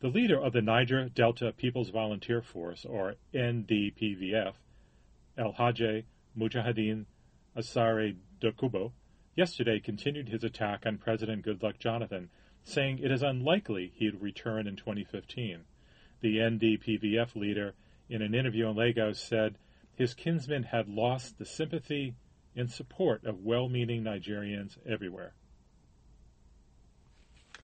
The leader of the Niger Delta People's Volunteer Force, or NDPVF, El Hajj Mujahideen Asare Dokubo, yesterday continued his attack on President Goodluck Jonathan, saying it is unlikely he'd return in 2015. The NDPVF leader, in an interview in Lagos, said his kinsmen had lost the sympathy and support of well meaning Nigerians everywhere.